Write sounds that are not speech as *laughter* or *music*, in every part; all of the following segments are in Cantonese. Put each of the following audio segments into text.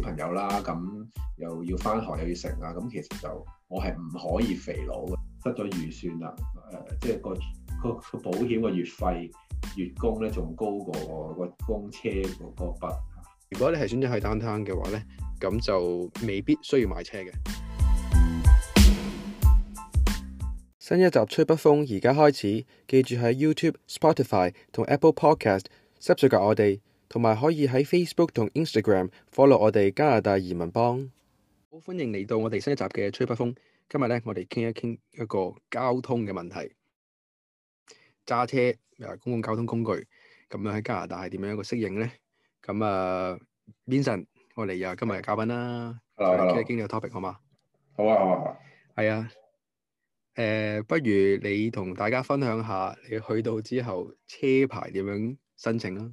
小朋友啦，咁又要返學又要食啊，咁其實就我係唔可以肥佬嘅，得咗預算啦。誒、就是，即係個個保險嘅月費月供咧，仲高過個公車嗰筆。個筆，如果你係選擇係 downtown 嘅話咧，咁就未必需要買車嘅。新一集吹北風，而家開始，記住喺 YouTube、Spotify 同 Apple Podcast subscribe 我哋。同埋可以喺 Facebook 同 Instagram follow 我哋，加拿大移民幫。好歡迎嚟到我哋新一集嘅吹北風。今日咧，我哋傾一傾一個交通嘅問題，揸車啊，公共交通工具咁樣喺加拿大係點樣一個適應咧？咁啊，uh，Vincent，我哋又係今日嘅嘉賓啦，Hello，嚟傾呢個 topic 好嗎？好啊，係啊，誒、啊呃，不如你同大家分享下你去到之後車牌點樣申請啦？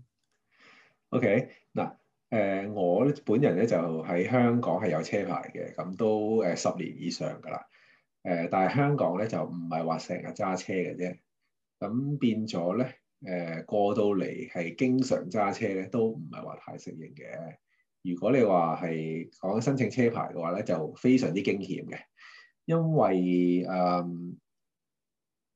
OK 嗱、呃，誒我本人咧就喺香港係有車牌嘅，咁都誒、呃、十年以上㗎喇。誒、呃、但係香港咧就唔係話成日揸車嘅啫，咁變咗咧誒過到嚟係經常揸車咧都唔係話太適應嘅。如果你話係講申請車牌嘅話咧，就非常之驚險嘅，因為誒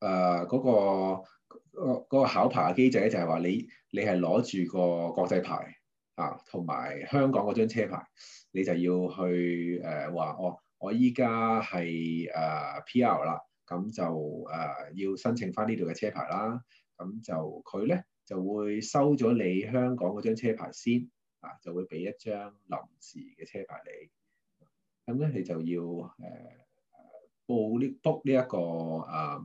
誒嗰個，個嗰個考牌嘅機制咧，就係話你你係攞住個國際牌啊，同埋香港嗰張車牌，你就要去誒話、呃哦、我我依家係誒 PR 啦，咁就誒、呃、要申請翻呢度嘅車牌啦，咁就佢咧就會收咗你香港嗰張車牌先啊，就會俾一張臨時嘅車牌你，咁咧你就要誒報呢 book 呢一個誒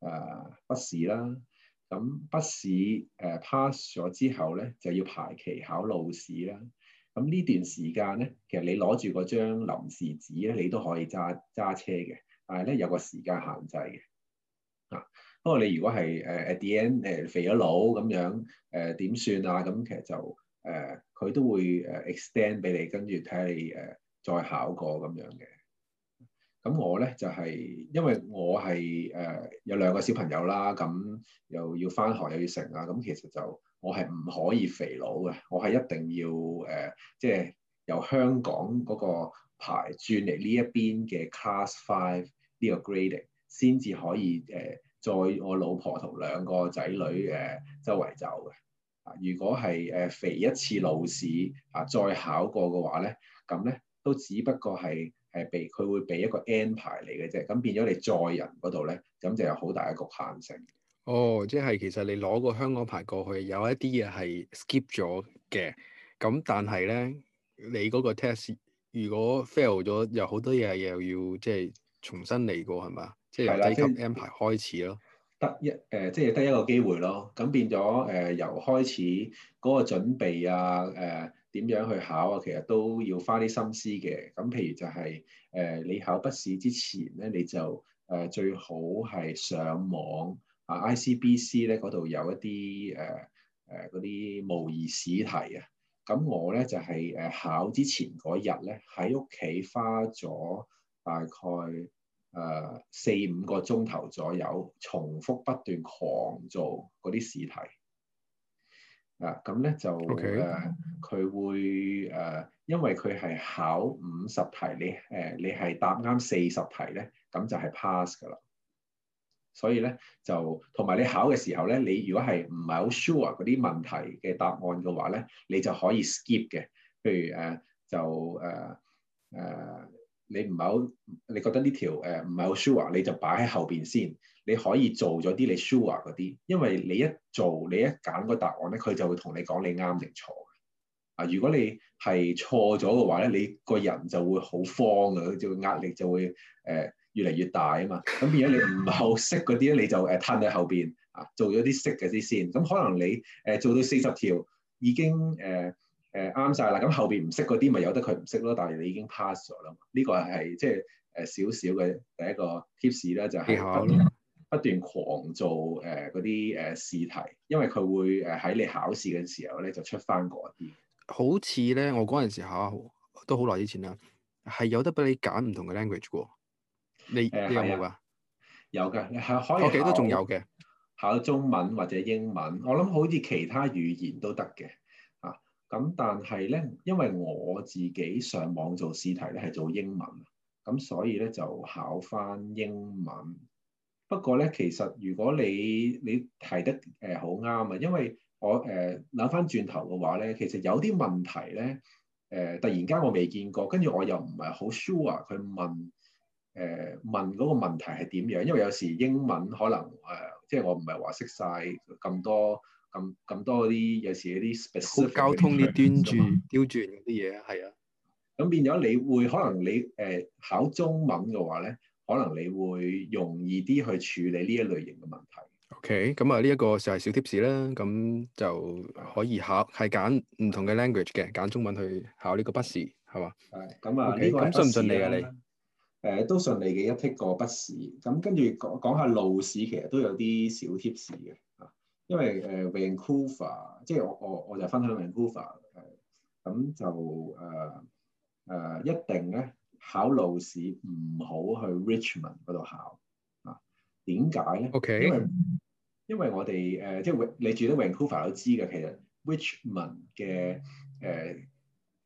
誒筆試啦。啊啊啊啊啊啊啊啊咁筆試誒 pass 咗之後咧，就要排期考路試啦。咁呢段時間咧，其實你攞住嗰張臨時紙咧，你都可以揸揸車嘅。但係咧有個時間限制嘅啊。不過你如果係誒 at the end 肥咗佬咁樣誒點算啊？咁、呃、其實就誒佢、呃、都會誒 extend 俾你，跟住睇你誒、呃、再考過咁樣嘅。咁我呢就係、是、因為我係誒、呃、有兩個小朋友啦，咁又要返學又要成啊，咁其實就我係唔可以肥佬嘅，我係一定要誒，即、呃、係、就是、由香港嗰個牌轉嚟呢一邊嘅 Class Five 呢個 grading 先至可以誒，載、呃、我老婆同兩個仔女誒、呃、周圍走嘅。啊，如果係誒、呃、肥一次路試啊，再考過嘅話呢，咁呢都只不過係。誒俾佢會俾一個 N 排嚟嘅啫，咁變咗你載人嗰度咧，咁就有好大嘅侷限性。哦，即係其實你攞個香港牌過去，有一啲嘢係 skip 咗嘅，咁但係咧，你嗰個 test 如果 fail 咗，有好多嘢又要即係重新嚟過係嘛？即係由低級 N 排開始咯，得一誒，即係得一個機會咯。咁變咗誒、呃，由開始嗰個準備啊，誒、呃。點樣去考啊？其實都要花啲心思嘅。咁譬如就係、是、誒、呃，你考筆試之前咧，你就誒、呃、最好係上網啊，ICBC 咧嗰度有一啲誒誒嗰啲模擬試題啊。咁我咧就係、是、誒考之前嗰日咧，喺屋企花咗大概誒四五個鐘頭左右，重複不斷狂做嗰啲試題。Okay. 啊，咁咧就誒，佢會誒，因為佢係考五十題，你誒、啊、你係答啱四十題咧，咁就係 pass 㗎啦。所以咧就同埋你考嘅時候咧，你如果係唔係好 sure 嗰啲問題嘅答案嘅話咧，你就可以 skip 嘅。譬如誒、啊，就誒誒。啊啊你唔好，你覺得呢條誒唔係好 sure，你就擺喺後邊先。你可以做咗啲你 sure 嗰啲，因為你一做，你一揀個答案咧，佢就會同你講你啱定錯嘅。啊，如果你係錯咗嘅話咧，你個人就會好慌嘅，佢就會壓力就會誒、呃、越嚟越大啊嘛。咁變咗你唔係好識嗰啲咧，你就誒攤喺後邊啊，做咗啲識嘅啲先。咁、啊、可能你誒、呃、做到四十條已經誒。呃誒啱晒啦，咁、嗯、後邊唔識嗰啲咪由得佢唔識咯，但係你已經 pass 咗啦嘛。呢個係即係誒少少嘅第一個 tips 啦，就係、是、不，不斷狂做誒嗰啲誒試題，因為佢會誒喺你考試嘅時候咧就出翻嗰啲。好似咧，我嗰陣時候考都好耐之前啦，係有得俾你揀唔同嘅 language 嘅喎。你有冇㗎、嗯？有嘅，係可以。我記得仲有嘅，考中文或者英文，我諗好似其他語言都得嘅。咁但係咧，因為我自己上網做試題咧係做英文啊，咁所以咧就考翻英文。不過咧，其實如果你你提得誒好啱啊，因為我誒諗翻轉頭嘅話咧，其實有啲問題咧誒、呃，突然間我未見過，跟住我又唔係好 sure 佢問誒、呃、問嗰個問題係點樣，因為有時英文可能誒、呃，即係我唔係話識晒咁多。咁咁多啲，有時啲交通啲端住麼刁鑽啲嘢，係啊。咁變咗你會可能你誒、呃、考中文嘅話咧，可能你會容易啲去處理呢一類型嘅問題。OK，咁啊呢一個就係小 tips 啦。咁就可以考，係揀唔同嘅 language 嘅，揀中文去考呢個筆試係嘛？係咁、嗯、啊。你咁順唔順利啊？你誒、嗯、都順利嘅一 take 過筆試，咁跟住講講下路試，其實都有啲小 tips 嘅。因為誒温哥華，uh, 即係我我我就分享 v a 到温哥華誒，咁就誒誒、呃呃、一定咧考路試唔好去 Richmond 嗰度考啊？點解咧？OK，因為因為我哋誒、呃、即係温你住喺温哥華都知嘅，其實 Richmond 嘅誒、呃、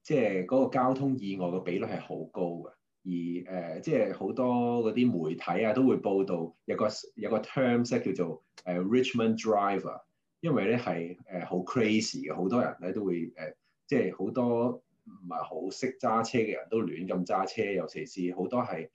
即係嗰個交通意外嘅比率係好高嘅。而誒、呃，即係好多嗰啲媒體啊，都會報道有個有個 term 咧，叫做誒、呃、Richmond Driver，因為咧係誒好 crazy 嘅，好多人咧都會誒、呃，即係好多唔係好識揸車嘅人都亂咁揸車，尤其是好多係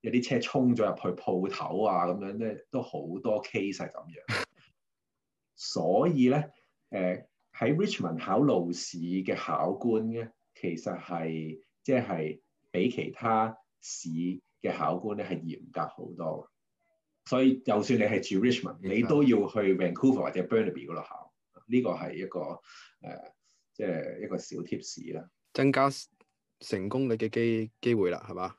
有啲車衝咗入去鋪頭啊咁樣咧，都好多 case 係咁樣。 *laughs* 所以咧誒，喺、呃、Richmond 考路試嘅考官咧，其實係即係。即係即係比其他市嘅考官咧係嚴格好多，所以就算你係住 Richmond，的你都要去 Vancouver 或者 Burnaby 嗰度考，呢、這個係一個誒，即、呃、係、就是、一個小貼士，啦，增加成功你嘅機機會啦，係嘛？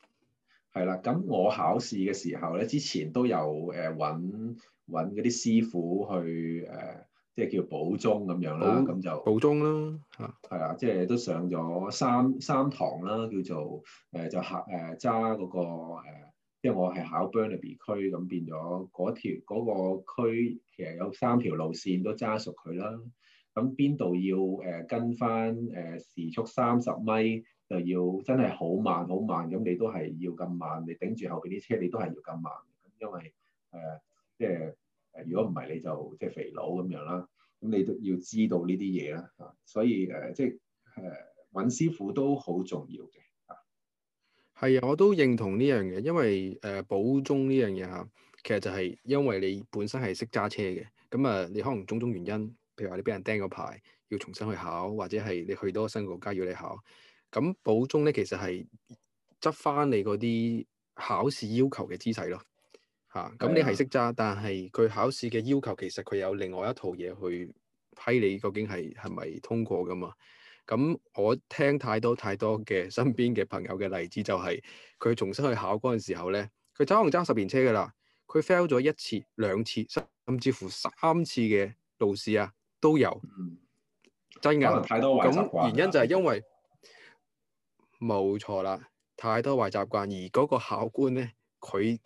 係啦，咁我考試嘅時候咧，之前都有誒揾揾嗰啲師傅去誒。呃即係叫補鐘咁樣啦，咁寶就補鐘啦嚇，係啊，即係都上咗三三堂啦，叫做誒、呃、就、呃那個呃、即我考誒揸嗰個即因我係考 Burnaby 區，咁變咗嗰條嗰、嗰個區其實有三條路線都揸熟佢啦。咁邊度要誒、呃、跟翻誒、呃、時速三十米，就要真係好慢好慢。咁你都係要咁慢，你頂住後邊啲車，你都係要咁慢，因為誒、呃呃、即係。如果唔係你就即係肥佬咁樣啦，咁你都要知道呢啲嘢啦，所以誒、呃、即係誒揾師傅都好重要嘅。係啊，我都認同呢樣嘢，因為誒補、呃、鐘呢樣嘢嚇，其實就係因為你本身係識揸車嘅，咁啊你可能種種原因，譬如話你俾人釘個牌，要重新去考，或者係你去多新國家要你考，咁補鐘咧其實係執翻你嗰啲考試要求嘅知識咯。嚇，咁、啊、你係識揸，但係佢考試嘅要求其實佢有另外一套嘢去批你，究竟係係咪通過噶嘛？咁、啊、我聽太多太多嘅身邊嘅朋友嘅例子、就是，就係佢重新去考嗰陣時候咧，佢揸紅揸十年車噶啦，佢 fail 咗一次、兩次，甚至乎三次嘅路試啊，都有。嗯、真噶，太多壞習慣，咁原因就係因為冇錯啦，太多壞習慣，而嗰個考官咧，佢，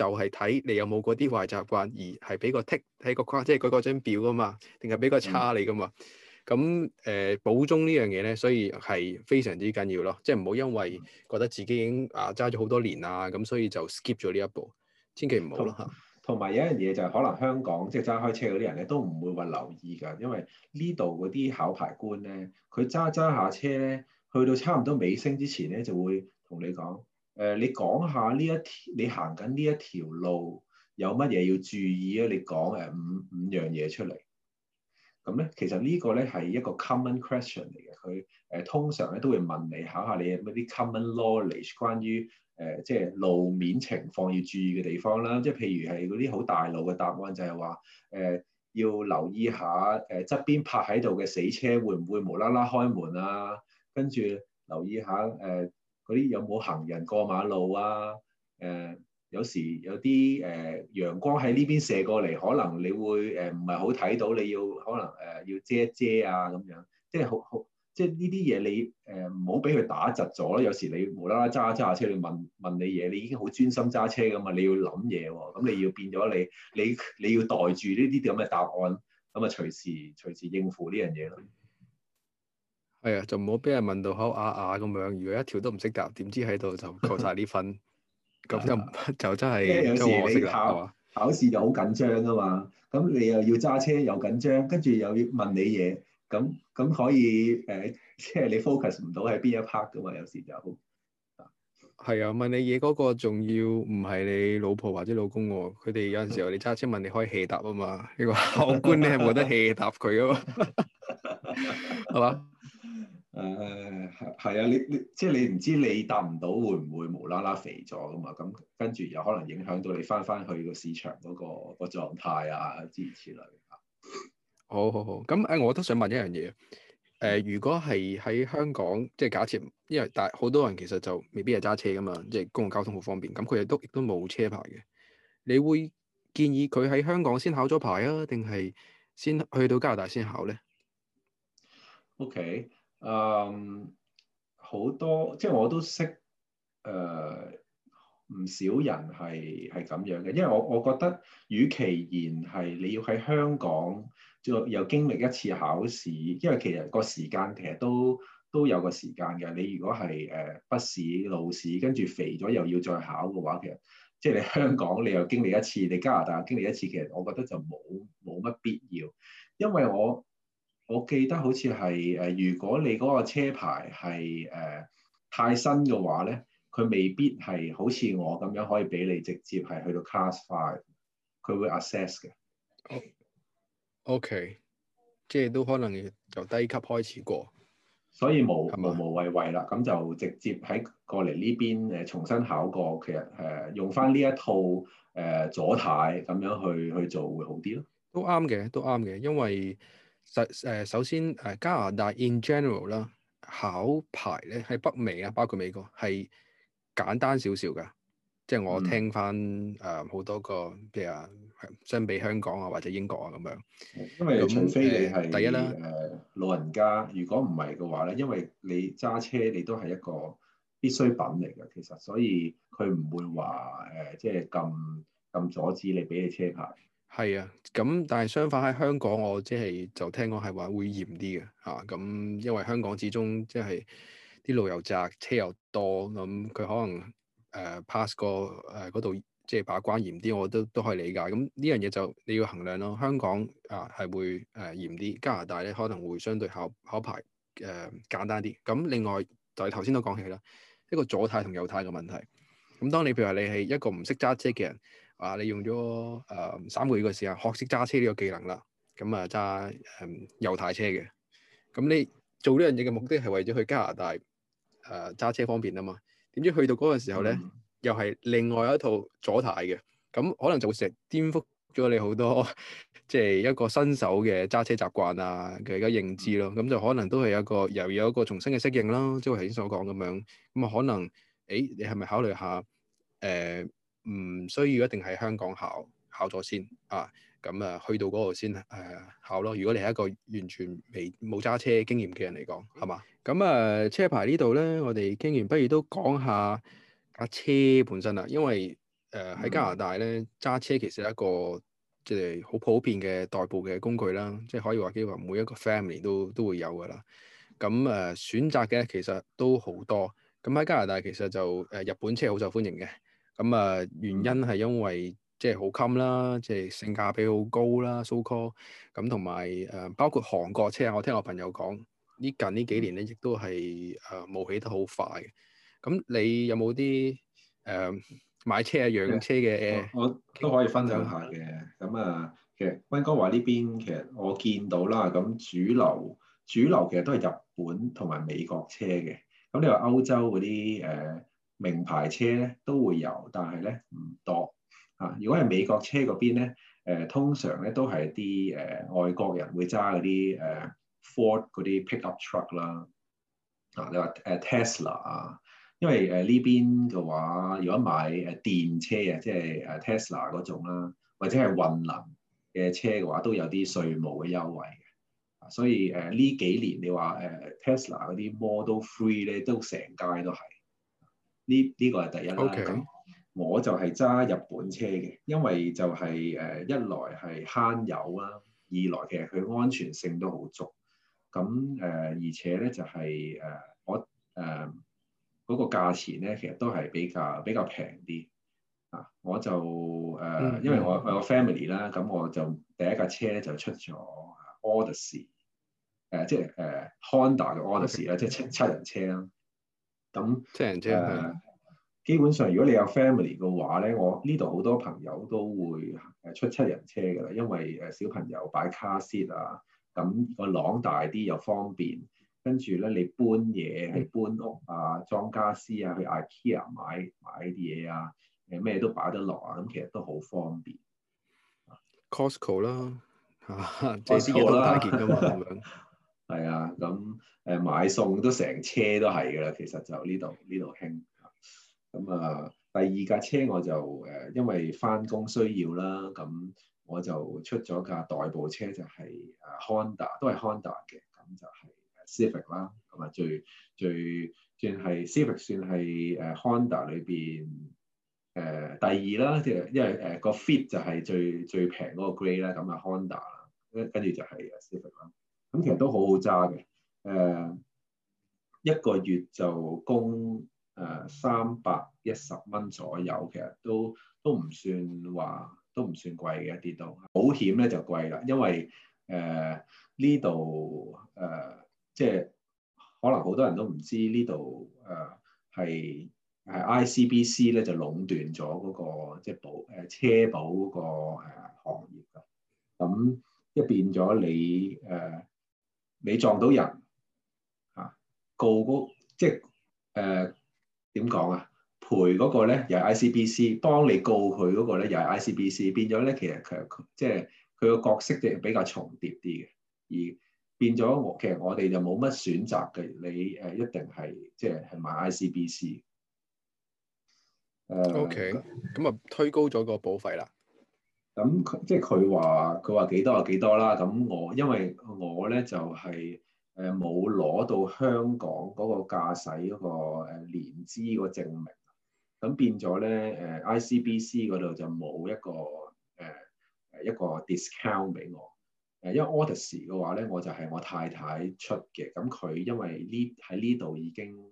就係睇你有冇嗰啲壞習慣，而係俾個剔喺個框，即係佢嗰張表㗎嘛，定係俾個叉你㗎嘛。咁誒補鐘呢樣嘢咧，所以係非常之緊要咯，即係唔好因為覺得自己已經啊揸咗好多年啦，咁所以就 skip 咗呢一步，千祈唔好咯。同埋有，有一樣嘢就係、是、可能香港即係揸開車嗰啲人咧，都唔會話留意㗎，因為呢度嗰啲考牌官咧，佢揸揸下車咧，去到差唔多尾聲之前咧，就會同你講。誒、呃，你講下呢一條，你行緊呢一條路有乜嘢要注意啊？你講誒五五樣嘢出嚟，咁咧其實呢個咧係一個 common question 嚟嘅，佢誒、呃、通常咧都會問你考下你有冇啲 common knowledge 關於、呃、即係路面情況要注意嘅地方啦，即係譬如係嗰啲好大路嘅答案就係話誒要留意下誒側、呃、邊泊喺度嘅死車會唔會無啦啦開門啊，跟住留意下誒、呃啲有冇行人過馬路啊？誒、呃，有時有啲誒、呃、陽光喺呢邊射過嚟，可能你會誒唔係好睇到，你要可能誒、呃、要遮一遮啊咁樣，即係好好，即係呢啲嘢你誒唔好俾佢打窒咗咯。有時你無啦啦揸揸下車你問問你嘢，你已經好專心揸車噶嘛，你要諗嘢喎，咁你要變咗你你你要袋住呢啲咁嘅答案，咁啊隨時隨時應付呢樣嘢咯。係啊、哎，就唔好俾人問到口啞啞咁樣。如果一條都唔識答，點知喺度就扣晒啲分？咁 *laughs* 就 *laughs* 就真係真係我識啦。考試就好緊張啊嘛，咁你又要揸車又緊張，跟住又要問你嘢，咁咁可以誒，即、呃、係、就是、你 focus 唔到喺邊一 part 噶嘛？有時就係啊，問你嘢嗰個仲要唔係你老婆或者老公喎？佢哋有陣時候你揸車問你開氣答啊嘛？你個考官你係冇得氣答佢噶嘛？係嘛？誒係係啊！你你即係你唔知你答唔到，會唔會無啦啦肥咗噶嘛？咁跟住有可能影響到你翻翻去個市場嗰個、嗰個狀態啊，諸如此類嚇。好好好，咁誒，我都想問一樣嘢誒。如果係喺香港，即係假設，因為大好多人其實就未必係揸車噶嘛，即係公共交通好方便，咁佢哋都亦都冇車牌嘅。你會建議佢喺香港先考咗牌啊，定係先去到加拿大先考咧？OK。誒，um，好多即係我都識誒，呃，唔少人係係咁樣嘅，因為我我覺得，與其然係你要喺香港再又經歷一次考試，因為其實個時間其實都都有個時間嘅。你如果係誒筆試、路試，跟住肥咗又要再考嘅話，其實即係你香港你又經歷一次，你加拿大經歷一次，其實我覺得就冇冇乜必要，因為我。我記得好似係誒，如果你嗰個車牌係誒、呃、太新嘅話咧，佢未必係好似我咁樣可以俾你直接係去到 Class Five，佢會 assess 嘅。O、okay. K，即係都可能由低級開始過，所以無吧無無謂為啦，咁就直接喺過嚟呢邊誒重新考過，其實誒、呃、用翻呢一套誒、呃、左軚咁樣去去做會好啲咯。都啱嘅，都啱嘅，因為。實誒，首先誒，加拿大 in general 啦，考牌咧喺北美啊，包括美國係簡單少少㗎，即係我聽翻誒好多個咩啊，比如相比香港啊或者英國啊咁樣。因為用除非你係，第一啦，老人家如果唔係嘅話咧，因為你揸車你都係一個必需品嚟嘅，其實所以佢唔會話誒、呃、即係咁咁阻止你俾你車牌。係啊，咁但係相反喺香港，我即係就聽講係話會嚴啲嘅嚇，咁、啊、因為香港始終即係啲路又窄，車又多，咁、嗯、佢可能誒 pass、呃、過誒嗰度即係把關嚴啲，我都都可以理解。咁、嗯、呢樣嘢就你要衡量咯。香港啊係會誒嚴啲，加拿大咧可能會相對考考牌誒、呃、簡單啲。咁、嗯、另外就係頭先都講起啦，一個左軚同右軚嘅問題。咁、嗯、當你譬如話你係一個唔識揸車嘅人。啊！你用咗誒、呃、三個月嘅時間學識揸車呢個技能啦，咁啊揸誒右軚車嘅。咁、嗯嗯、你做呢樣嘢嘅目的係為咗去加拿大誒揸車方便啊嘛？點知去到嗰個時候咧，嗯、又係另外一套左軚嘅。咁可能就會成日顛覆咗你好多，即係一個新手嘅揸車習慣啊嘅一個認知咯。咁、嗯、就可能都係有個又有一個重新嘅適應咯。即係頭先所講咁樣，咁啊可能誒、欸、你係咪考慮下誒？呃呃呃呃呃唔需要一定喺香港考考咗先啊，咁啊去到嗰度先誒、啊、考咯。如果你係一個完全未冇揸車經驗嘅人嚟講，係嘛、嗯？咁啊車牌呢度咧，我哋經驗不如都講下架車本身啦，因為誒喺、呃、加拿大咧揸車其實係一個即係好普遍嘅代步嘅工具啦，即係可以話幾乎每一個 family 都都會有㗎啦。咁誒、呃、選擇嘅其實都好多。咁喺加拿大其實就誒日本車好受歡迎嘅。咁啊，原因係因為即係好襟啦，即係性價比好高啦，so call 咁同埋誒，包括韓國車啊，我聽我朋友講，呢近呢幾年咧，亦都係誒冒起得好快。咁你有冇啲誒買車啊、養的車嘅誒？我都可以分享下嘅。咁啊、嗯，其實温哥華呢邊其實我見到啦，咁主流主流其實都係日本同埋美國車嘅。咁你話歐洲嗰啲誒？呃名牌車咧都會有，但係咧唔多啊。如果係美國車嗰邊咧，誒、呃、通常咧都係啲誒外國人會揸嗰啲誒 Ford 嗰啲 pickup truck 啦。啊，你話誒 Tesla 啊，因為誒呢、呃、邊嘅話，如果買誒電車啊，即係誒 Tesla 嗰種啦，或者係運能嘅車嘅話，都有啲稅務嘅優惠嘅，啊。所以誒呢、呃、幾年你話誒、呃、Tesla 嗰啲 Model 3咧都成街都係。呢呢個係第一啦，咁 Okay. 我就係揸日本車嘅，因為就係、是、誒、呃、一來係慳油啦，二來其實佢安全性都好足，咁誒、呃、而且咧就係誒我誒嗰個價錢咧，其實都係比較比較平啲啊！我就誒，呃 mm hmm. 因為我我有個 family 啦，咁我就第一架車咧就出咗 Odyssey 即、呃、係誒 Honda 嘅 Odyssey 啦，即係、呃、Okay. 七七人車啦。咁誒，嗯、正正基本上如果你有 family 嘅話咧，我呢度好多朋友都會誒出七人車嘅啦，因為誒小朋友擺 car seat 啊，咁個廊大啲又方便，跟住咧你搬嘢係搬屋啊、裝家私啊、去 IKEA 買買啲嘢啊，誒咩都擺得落啊，咁其實都好方便。Costco 啦，即係啲嘢都大件噶嘛，咁樣。係啊，咁誒、呃、買餸都成車都係㗎啦，其實就呢度呢度興。咁啊，第二架車我就誒、呃，因為翻工需要啦，咁我就出咗架代步車就 onda，就係誒 Honda，都係 Honda 嘅，咁就係 Civic 啦，咁啊，最最算係 Civic 算係誒 Honda 裏邊誒、呃、第二啦，即係因為誒、呃嗰個 fit 就係最最平嗰個 grade 啦。咁啊 Honda，跟跟住就係 Civic 啦。咁其實都好好揸嘅，誒、呃、一個月就供誒三百一十蚊左右，其實都都唔算話，都唔算、算貴嘅一啲都。保險咧就貴啦，因為誒呢度誒即係可能好多人都唔知、呃、呢度誒係係 ICBC 咧就壟斷咗嗰、嗰個即係保誒車保嗰個行業㗎。咁即係變咗你誒。呃你撞到人啊，告嗰、那個、即係誒點講啊？賠嗰個咧又係 ICBC，幫你告佢嗰個咧又係 ICBC，變咗咧其實佢即係佢個角色就比較重疊啲嘅，而變咗我其實我哋就冇乜選擇嘅，你誒一定係即係係買 ICBC。誒、呃。OK，咁啊推高咗個保費啦。咁佢即係佢話，佢話幾多就幾多啦。咁我因為我咧就係誒冇攞到香港嗰個駕駛嗰個誒年資個證明，咁變咗咧誒 ICBC 嗰度就冇一個誒誒一個 discount 俾我。誒因為 Autos 嘅話咧，我就係我太太出嘅。咁佢因為呢喺呢度已經誒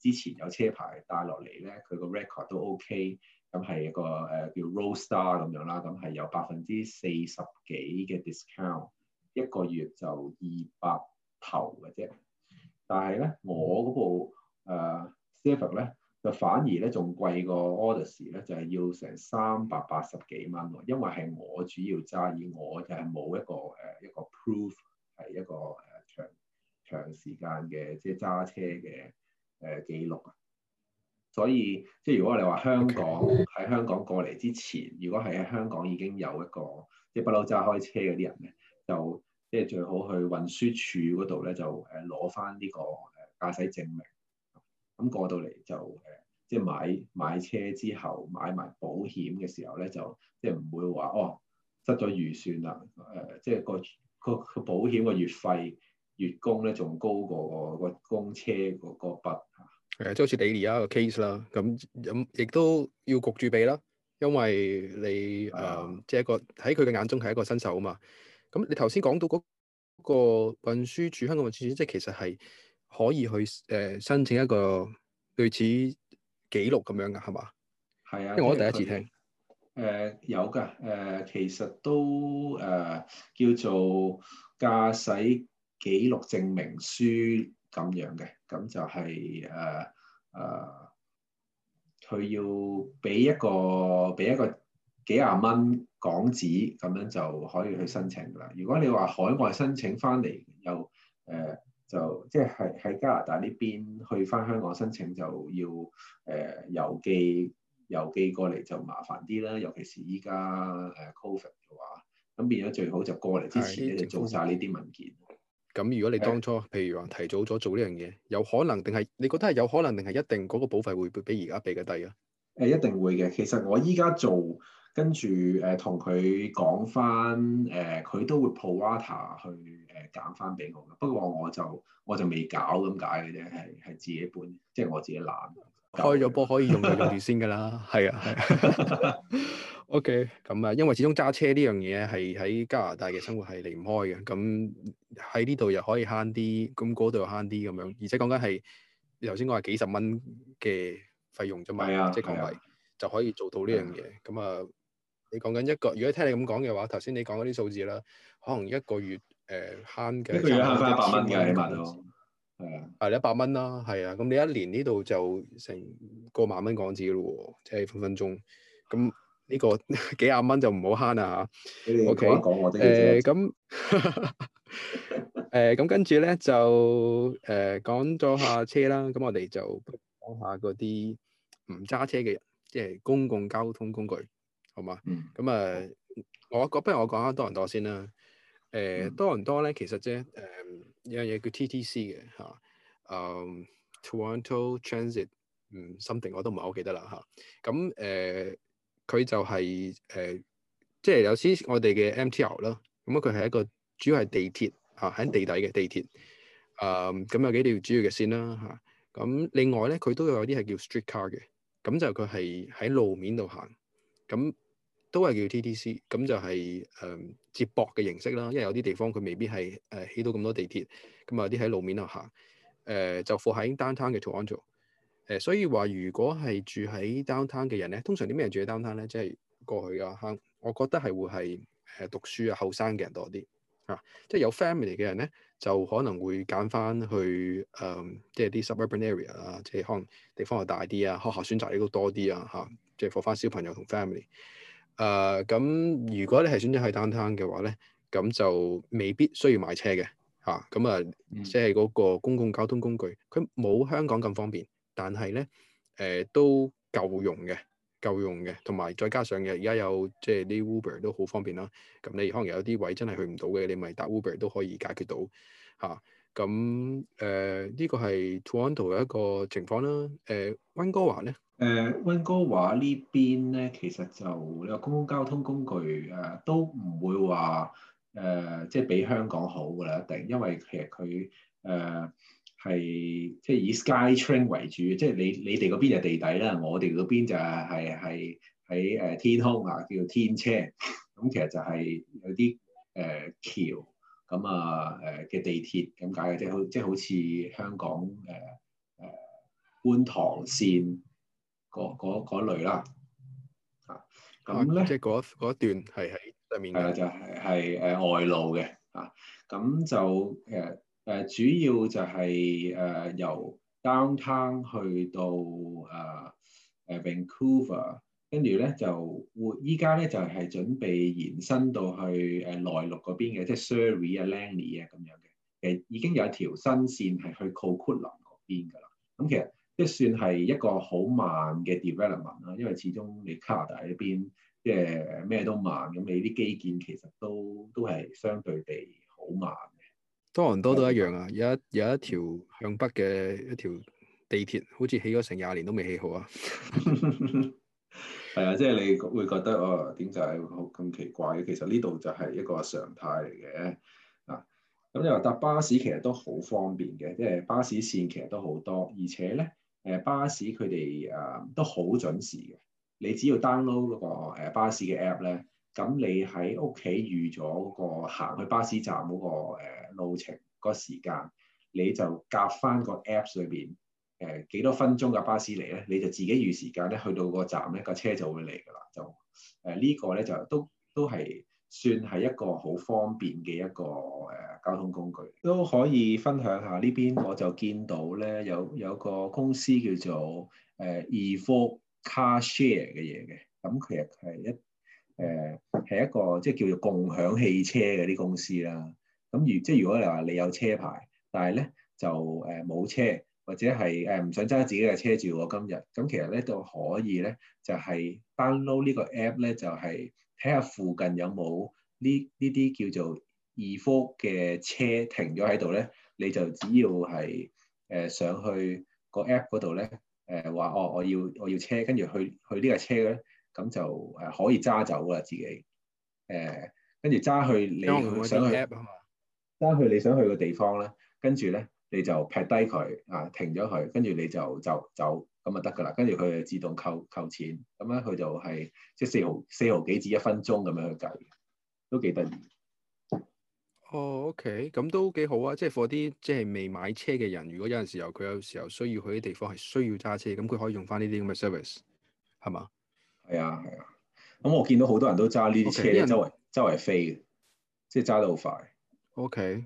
之前有車牌帶落嚟咧，佢個 record 都 OK。咁係、嗯、一個誒、呃、叫 Roadstar 咁樣啦，咁係有百分之四十幾嘅 discount，一個月就二百頭嘅啫。但係咧，我嗰部誒 Civic 咧，就、呃、反而咧仲貴過 Odyssey 咧，就係要成三百八十幾蚊喎。因為係我主要揸，而我就係冇一個誒、呃、一個 proof 係一個誒長長時間嘅即係揸車嘅誒記錄啊。所以即係如果你話香港喺 Okay. 香港過嚟之前，如果係喺香港已經有一個即係不嬲揸開車嗰啲人咧，就即係最好去運輸署嗰度咧就誒攞翻呢個誒駕駛證明。咁、嗯、過到嚟就誒，即係買買車之後買埋保險嘅時候咧，就即係唔會話哦，失咗預算啦。誒、呃，即係個個個保險個月費月供咧，仲高過個個公車、嗰個筆誒即好似 Dilly 啊個 case 啦，咁咁亦都要焗住畀啦，因為你誒的即係一個喺佢嘅眼中係一個新手啊嘛。咁你頭先講到嗰個運輸署，香港運輸署，即係其實係可以去誒申請一個類似記錄咁樣嘅係嘛？係啊，的因為我第一次聽。誒、呃、有㗎，誒、呃、其實都誒、呃、叫做駕駛記錄證明書。咁樣嘅，咁就係誒誒，佢、呃呃、要俾一個俾一個幾廿蚊港紙，咁樣就可以去申請噶啦。如果你話海外申請翻嚟，又誒、呃、就即係喺加拿大呢邊去翻香港申請，就要誒郵、呃、寄郵寄過嚟就麻煩啲啦。尤其是依家誒 Covid 嘅話，咁變咗最好就過嚟之前咧是就做晒呢啲文件。咁如果你當初譬如話提早咗做呢樣嘢，有可能定係你覺得係有可能定係一定嗰個保費會比而家比較低啊？誒，一定會嘅。其實我依家做，跟住誒同佢講翻，誒、呃、佢都會 prorate 去誒揀翻俾我嘅。不過我就我就未搞咁解嘅啫，係係自己搬，即係我自己懶。開咗波可以用嚟用住先噶啦，係啊，OK，咁啊， *laughs* okay, 因為始終揸車呢樣嘢係喺加拿大嘅生活係離唔開嘅，咁喺呢度又可以慳啲，咁嗰度又慳啲咁樣，而且講緊係頭先講係幾十蚊嘅費用啫嘛，啊、即係咁咪就可以做到呢樣嘢。咁啊，你講緊一個，如果聽你咁講嘅話，頭先你講嗰啲數字啦，可能一個月誒慳嘅，呃、一個月慳翻百蚊噶，係啊，係一百蚊啦，係啊，咁你一年呢度就成個萬蚊港紙咯，即係分分鐘。咁呢個幾廿蚊就唔好慳啊。OK，講我哋誒，咁誒，咁跟住咧，就誒講咗下車啦。咁我哋就講下嗰啲唔揸車嘅人，即係公共交通工具，好嘛？咁啊，我講不如我講下多倫多先啦。誒，嗯，多倫多咧，其實啫，誒。有樣嘢叫 TTC 嘅嚇，嗯、uh,，Toronto Transit 嗯 something 我都唔係好記得啦嚇。咁誒佢就係誒，即係有啲我哋嘅 MTR 啦。咁啊，佢係、uh, 就是 uh, 啊、一個主要係地鐵嚇，喺地底嘅地鐵。誒、啊、咁、啊、有幾條主要嘅線啦嚇。咁、啊啊、另外咧，佢都有啲係叫 street car 嘅，咁、啊、就佢係喺路面度行咁。嗯都係叫 TTC，咁就係、是、誒、嗯、接駁嘅形式啦。因為有啲地方佢未必係誒、呃、起到咁多地鐵，咁啊啲喺路面度行誒就附喺 down town 嘅 Toronto 誒。所以話如果係住喺 down town 嘅人咧，通常啲咩人住喺 down town 咧？即係過去嘅嚇，我覺得係會係誒讀書啊、後生嘅人多啲啊。即係有 family 嘅人咧，就可能會揀翻去誒即係啲 suburban area 啦，即係、啊、可能地方又大啲啊，學校選擇亦都多啲啊嚇，即係放 o 翻小朋友同 family。誒咁、uh，如果你係選擇喺 downtown 嘅話咧，咁就未必需要買車嘅嚇。咁啊，即係嗰個公共交通工具，佢冇香港咁方便，但係咧誒都夠用嘅，夠用嘅，同埋再加上嘅而家有即係啲 Uber 都好方便啦。咁你可能有啲位真係去唔到嘅，你咪搭 Uber 都可以解決到嚇。咁誒呢個係 Toronto 嘅一個情況啦。誒、呃、溫哥華咧？誒溫、uh，哥華邊呢邊咧，其實就你話公共交通工具誒、呃、都唔會話誒、呃、即係比香港好㗎啦，一定因為其實佢誒係即係以 SkyTrain 為主，即係你你哋嗰邊係地底啦，我哋嗰邊就係係係喺誒天空啊，叫做天車，咁、嗯、其實就係有啲誒、呃、橋咁啊誒嘅、呃、地鐵咁解嘅，即係即係好似香港誒誒觀塘線。嗰類啦，啊咁咧即係段係喺上面，係啊就係係誒外露嘅啊，咁就誒誒主要就係、是、誒、啊、由 downtown 去到誒誒 Vancouver，跟住咧就會依家咧就係、是、準備延伸到去誒內陸嗰邊嘅，即係 Surrey 啊 Langley 啊咁樣嘅，誒已經有一條新線係去 Coquitlam 嗰邊噶啦，咁、嗯、其實。即算係一個好慢嘅 development 啦，因為始終你加拿大呢邊即係咩都慢，咁你啲基建其實都都係相對地好慢嘅。多倫多都一樣啊，嗯，有有一條向北嘅一條地鐵，好似起咗成廿年都未起好啊。係 *laughs* *laughs* *laughs* 啊，即係你會覺得哦，點解咁奇怪嘅？其實呢度就係一個常態嚟嘅。啊，咁你話搭巴士其實都好方便嘅，即係巴士線其實都好多，而且咧。誒巴士佢哋誒都好準時嘅，你只要 download 嗰個誒巴士嘅 app 咧，咁你喺屋企預咗個行去巴士站嗰個誒路程嗰時間，你就夾翻個 app 裏邊誒幾多分鐘嘅巴士嚟咧，你就自己預時間咧去到個站咧，個車就會嚟㗎啦，就誒呢個咧就都都係。算係一個好方便嘅一個誒交通工具，都可以分享下呢邊。我就見到咧，有有個公司叫做誒 Evo Car Share 嘅嘢嘅，咁、嗯、其實係一誒係、呃、一個即係叫做共享汽車嘅啲公司啦。咁、嗯、如即係如果你話你有車牌，但係咧就誒冇、呃、車或者係誒唔想揸自己嘅車住喎，今日，咁、嗯、其實咧就可以咧就係 download 呢個 app 咧就係、是。睇下附近有冇呢呢啲叫做 Evo 嘅車停咗喺度咧，你就只要係誒、呃、上去個 app 嗰度咧，誒、呃、話哦，我要我要車，跟住去去，去呢架車咧，咁就誒可以揸走啦自己。誒、呃，跟住揸去，去，去你想去揸去你想去嘅地方咧，跟住咧你就劈低佢啊，停咗佢，跟住你就就走。走咁就得㗎喇。跟住佢就自動扣扣錢咁樣，佢就係即係四毫四毫幾至一分鐘咁樣去計，都幾得意。哦、oh，OK，咁都幾好啊。即係 for 啲即係未買車嘅人，如果有陣時候佢有時候需要去啲地方係需要揸車，咁佢可以用返呢啲咁嘅 service 係嘛？係啊，係啊。咁我見到好多人都揸呢啲車 okay, 周圍周圍，周圍飛嘅，即係揸得好快。OK，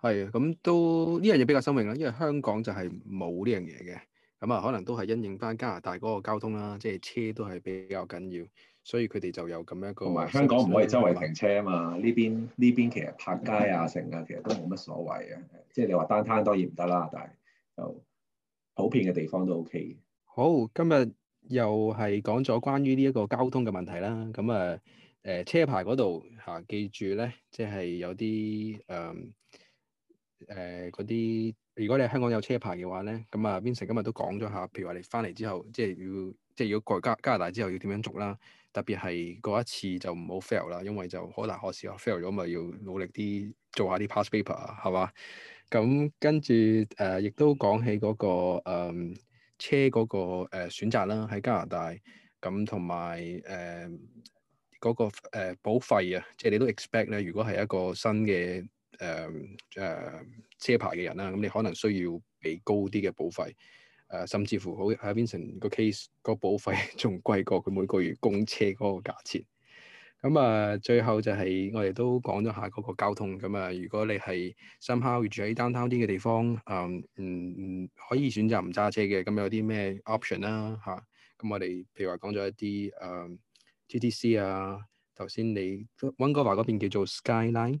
係咁、啊、都呢樣嘢比較新穎啦，因為香港就係冇呢樣嘢嘅。咁啊、嗯，可能都係因應翻加拿大嗰個交通啦，即係車都係比較緊要，所以佢哋就有咁樣一個。哦、香港唔可以周圍停車啊嘛，呢、嗯、邊呢邊其實泊街啊成啊，其實都冇乜所謂嘅，即係你話單攤當然唔得啦，但係就普遍嘅地方都 OK 嘅。好，今日又係講咗關於呢一個交通嘅問題啦。咁啊，誒、呃、車牌嗰度嚇，記住咧，即、就、係、是、有啲誒。嗯誒嗰啲，如果你香港有車牌嘅話咧，咁啊，Vincent 今日都講咗下，譬如話你翻嚟之後，即係要，即係要過加加拿大之後要點樣續啦，特別係嗰一次就唔好 fail 啦，因為就可能可視咯，fail 咗咪要努力啲做下啲 pass paper 啊，係嘛？咁跟住誒，亦、呃、都講起嗰、嗰個誒、嗯、車嗰、嗰個誒、呃、選擇啦，喺加拿大，咁同埋誒嗰個誒、呃、保費啊，即係你都 expect 咧，如果係一個新嘅。誒誒、um, uh, 車牌嘅人啦，咁你可能需要俾高啲嘅保費，誒、啊、甚至乎好喺 Vincent 個 case 個保費仲 *laughs* 貴過佢每個月供車嗰個價錢。咁啊，最後就係我哋都講咗下嗰個交通咁啊。如果你係 somehow 住喺 downtown 啲嘅地方，嗯嗯嗯，可以選擇唔揸車嘅。咁有啲咩 option 啦、啊、嚇？咁、啊、我哋譬如話講咗一啲誒 TTC 啊，頭先、啊、你溫哥華嗰邊叫做 Skyline。